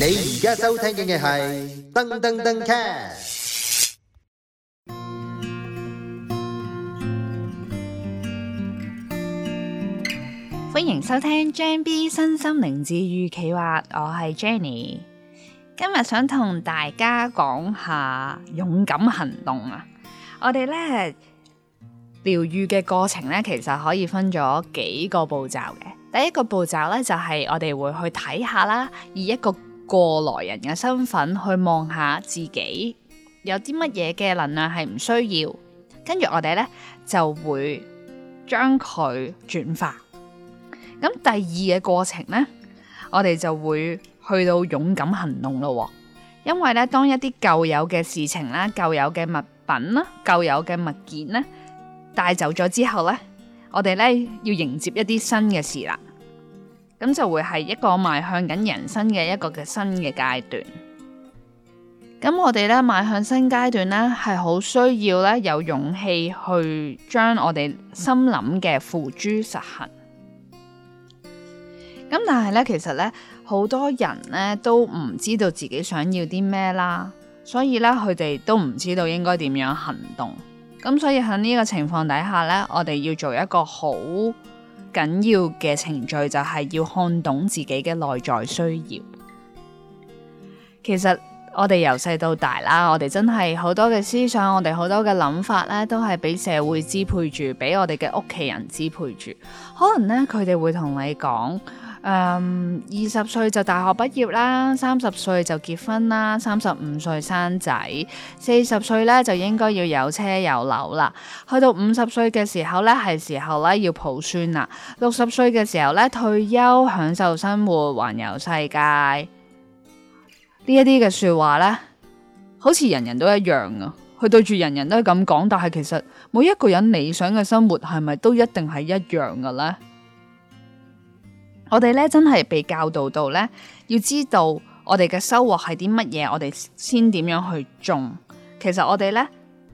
你而家收聽嘅係噔噔噔卡。歡迎收聽 J B 身心靈治癒企劃，我係 Jenny。今日想同大家講下勇敢行動啊！我哋呢療癒嘅過程呢，其實可以分咗幾個步驟嘅。第一個步驟呢，就係我哋會去睇下啦，以一個過來人嘅身份去望下自己有啲乜嘢嘅能量係唔需要，跟住我哋咧就會將佢轉化。咁第二嘅過程咧，我哋就會去到勇敢行動咯。因為咧，當一啲舊有嘅事情啦、舊有嘅物品啦、舊有嘅物件咧帶走咗之後咧，我哋咧要迎接一啲新嘅事啦。咁就會係一個邁向緊人生嘅一個嘅新嘅階段。咁我哋咧邁向新階段咧，係好需要咧有勇氣去將我哋心諗嘅付諸實行。咁但係咧，其實咧好多人咧都唔知道自己想要啲咩啦，所以咧佢哋都唔知道應該點樣行動。咁所以喺呢個情況底下咧，我哋要做一個好緊要嘅程序就係要看懂自己嘅內在需要。其實我哋由細到大啦，我哋真係好多嘅思想，我哋好多嘅諗法咧，都係俾社會支配住，俾我哋嘅屋企人支配住。可能咧，佢哋會同你講。誒，二十歲就大學畢業啦，三十歲就結婚啦，三十五歲生仔，四十歲咧就應該要有車有樓啦。去到五十歲嘅時候咧，係時候咧要抱孫啦。六十歲嘅時候咧退休享受生活，環遊世界。呢一啲嘅說話咧，好似人人都一樣啊，佢對住人人都係咁講，但係其實每一個人理想嘅生活係咪都一定係一樣嘅咧？我哋呢真係被教導到呢，要知道我哋嘅收穫係啲乜嘢，我哋先點樣去種。其實我哋呢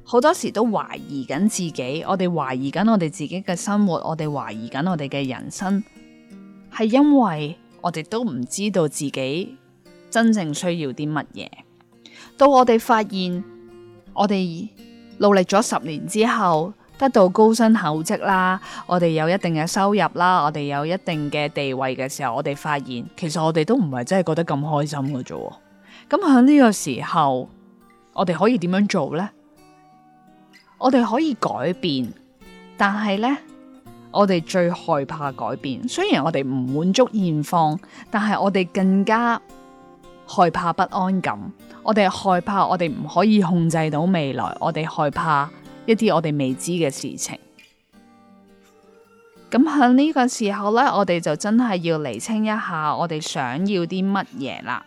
好多時都懷疑緊自己，我哋懷疑緊我哋自己嘅生活，我哋懷疑緊我哋嘅人生，係因為我哋都唔知道自己真正需要啲乜嘢。到我哋發現，我哋努力咗十年之後，得到高薪厚職啦，我哋有一定嘅收入啦，我哋有一定嘅地位嘅時候，我哋發現其實我哋都唔係真係覺得咁開心嘅啫。咁喺呢個時候，我哋可以點樣做呢？我哋可以改變，但係呢，我哋最害怕改變。雖然我哋唔滿足現況，但係我哋更加害怕不安感。我哋害怕，我哋唔可以控制到未來，我哋害怕。一啲我哋未知嘅事情，咁喺呢個時候呢，我哋就真係要釐清一下我哋想要啲乜嘢啦。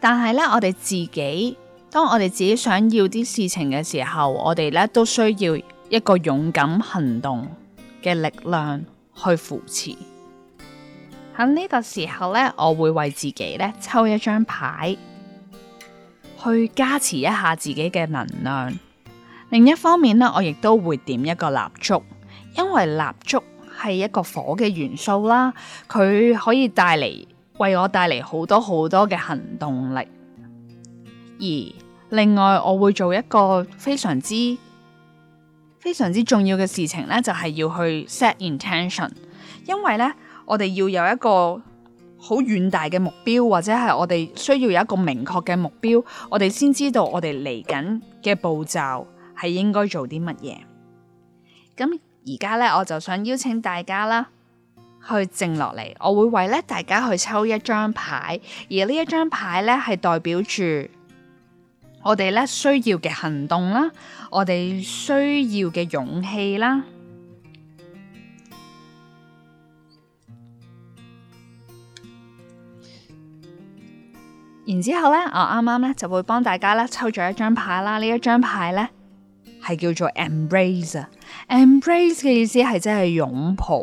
但係呢，我哋自己，當我哋自己想要啲事情嘅時候，我哋呢都需要一個勇敢行動嘅力量去扶持。喺呢個時候呢，我會為自己呢抽一張牌。去加持一下自己嘅能量。另一方面咧，我亦都會點一個蠟燭，因為蠟燭係一個火嘅元素啦，佢可以帶嚟，為我帶嚟好多好多嘅行動力。而另外，我會做一個非常之、非常之重要嘅事情咧，就係要去 set intention，因為咧，我哋要有一個。好遠大嘅目標，或者係我哋需要有一個明確嘅目標，我哋先知道我哋嚟緊嘅步驟係應該做啲乜嘢。咁而家咧，我就想邀請大家啦，去靜落嚟。我會為咧大家去抽一張牌，而呢一張牌咧係代表住我哋咧需要嘅行動啦，我哋需要嘅勇氣啦。然之後咧，我啱啱咧就會幫大家咧抽咗一張牌啦。呢一張牌咧係叫做 embrace 啊，embrace 嘅意思係即係擁抱，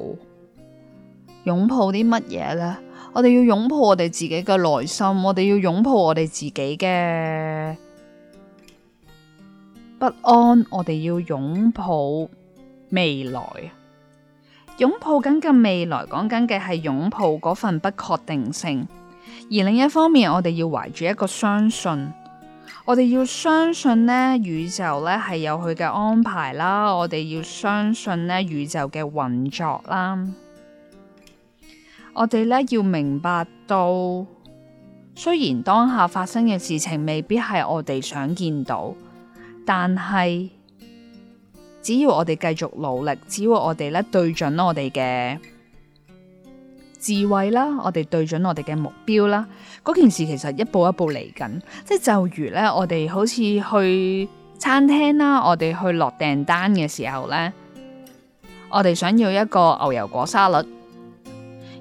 擁抱啲乜嘢咧？我哋要擁抱我哋自己嘅內心，我哋要擁抱我哋自己嘅不安，我哋要擁抱未來，擁抱緊嘅未來，講緊嘅係擁抱嗰份不確定性。而另一方面，我哋要懷住一個相信，我哋要相信呢宇宙咧係有佢嘅安排啦。我哋要相信呢宇宙嘅運作啦。我哋咧要明白到，雖然當下發生嘅事情未必係我哋想見到，但係只要我哋繼續努力，只要我哋咧對準我哋嘅。智慧啦，我哋對準我哋嘅目標啦，嗰件事其實一步一步嚟緊，即係就如咧，我哋好似去餐廳啦，我哋去落訂單嘅時候咧，我哋想要一個牛油果沙律，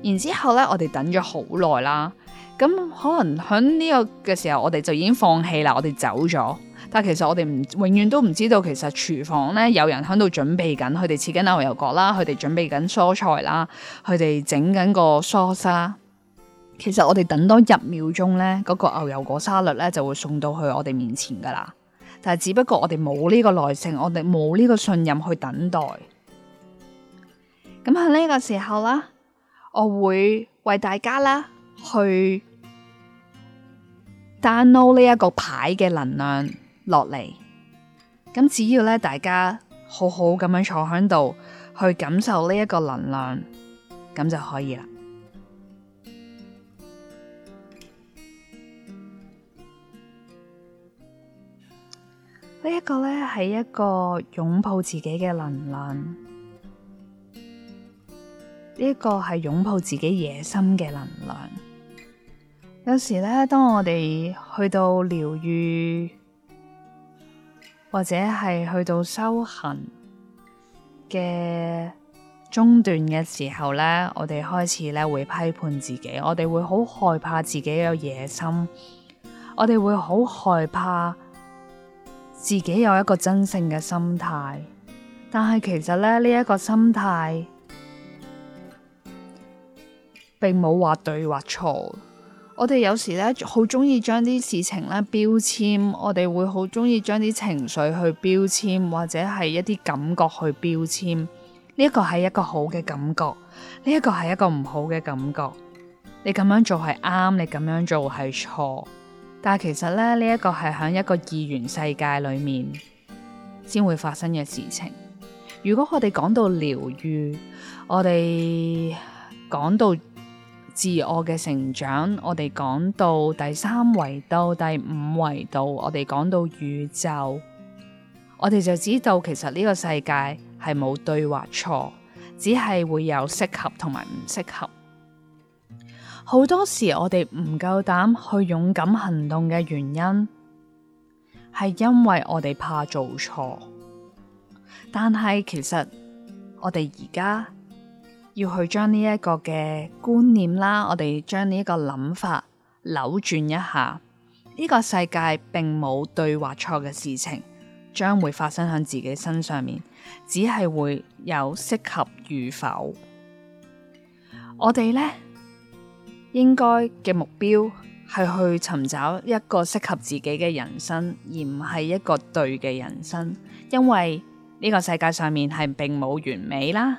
然之後咧，我哋等咗好耐啦，咁可能喺呢個嘅時候，我哋就已經放棄啦，我哋走咗。但其實我哋唔永遠都唔知道，其實廚房咧有人喺度準備緊，佢哋切緊牛油果啦，佢哋準備緊蔬菜啦，佢哋整緊個沙沙。其實我哋等多一秒鐘咧，嗰個牛油果沙律咧就會送到去我哋面前噶啦。但係只不過我哋冇呢個耐性，我哋冇呢個信任去等待。咁喺呢個時候啦，我會為大家啦去 download 呢一個牌嘅能量。落嚟咁，只要咧，大家好好咁樣坐喺度去感受呢一個能量，咁就可以啦。呢一個咧係一個擁抱自己嘅能量，呢一個係擁抱自己野心嘅能量。有時咧，當我哋去到療愈。或者係去到修行嘅中段嘅時候咧，我哋開始咧會批判自己，我哋會好害怕自己有野心，我哋會好害怕自己有一個真正嘅心態，但係其實咧呢一個心態並冇話對或錯。我哋有時咧好中意將啲事情咧標籤，我哋會好中意將啲情緒去標籤，或者係一啲感覺去標籤。呢一個係一個好嘅感覺，呢一個係一個唔好嘅感覺。你咁樣做係啱，你咁樣做係錯。但係其實咧，呢一個係喺一個二元世界裡面先會發生嘅事情。如果我哋講到療癒，我哋講到自我嘅成長，我哋講到第三維度、第五維度，我哋講到宇宙，我哋就知道其實呢個世界係冇對或錯，只係會有適合同埋唔適合。好多時我哋唔夠膽去勇敢行動嘅原因，係因為我哋怕做錯。但係其實我哋而家。要去將呢一個嘅觀念啦，我哋將呢一個諗法扭轉一下。呢個世界並冇對或錯嘅事情，將會發生喺自己身上面，只係會有適合與否。我哋呢應該嘅目標係去尋找一個適合自己嘅人生，而唔係一個對嘅人生，因為呢個世界上面係並冇完美啦。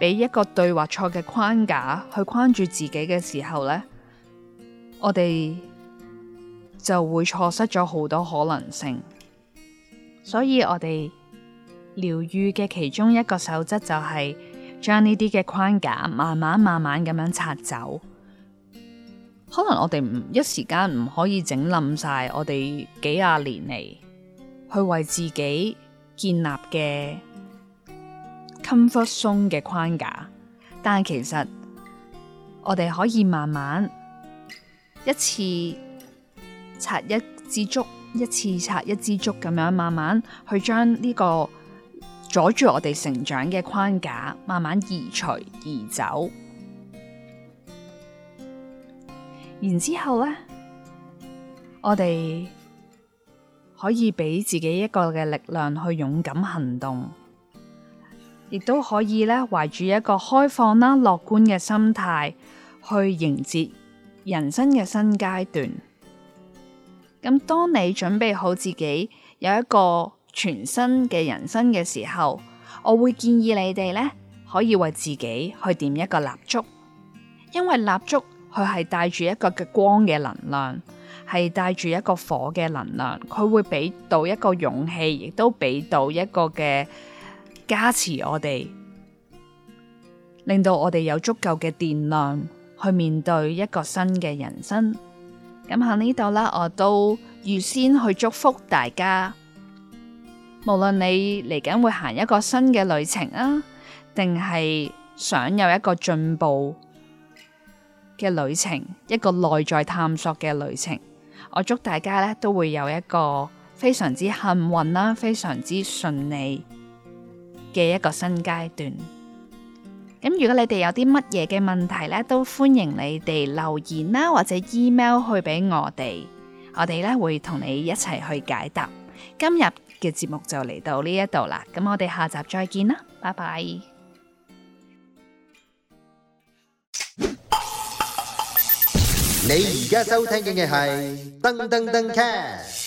俾一個對或錯嘅框架去框住自己嘅時候呢，我哋就會錯失咗好多可能性。所以我哋療癒嘅其中一個守則就係將呢啲嘅框架慢慢慢慢咁樣拆走。可能我哋唔一時間唔可以整冧晒我哋幾廿年嚟去為自己建立嘅。comfort zone 嘅框架，但係其實我哋可以慢慢一次拆一支竹，一次拆一支竹咁樣，慢慢去將呢個阻住我哋成長嘅框架，慢慢移除移走。然之後呢，我哋可以俾自己一個嘅力量去勇敢行動。亦都可以咧，懷住一個開放啦、樂觀嘅心態去迎接人生嘅新階段。咁當你準備好自己有一個全新嘅人生嘅時候，我會建議你哋咧可以為自己去點一個蠟燭，因為蠟燭佢係帶住一個嘅光嘅能量，係帶住一個火嘅能量，佢會俾到一個勇氣，亦都俾到一個嘅。加持我哋，令到我哋有足夠嘅電量去面對一個新嘅人生。咁喺呢度啦，我都預先去祝福大家。無論你嚟緊會行一個新嘅旅程啊，定係想有一個進步嘅旅程，一個內在探索嘅旅程，我祝大家咧都會有一個非常之幸運啦，非常之順利。嘅一個新階段，咁如果你哋有啲乜嘢嘅問題咧，都歡迎你哋留言啦，或者 email 去俾我哋，我哋咧會同你一齊去解答。今日嘅節目就嚟到呢一度啦，咁我哋下集再見啦，拜拜。你而家收聽緊嘅係《噔噔噔 cash》。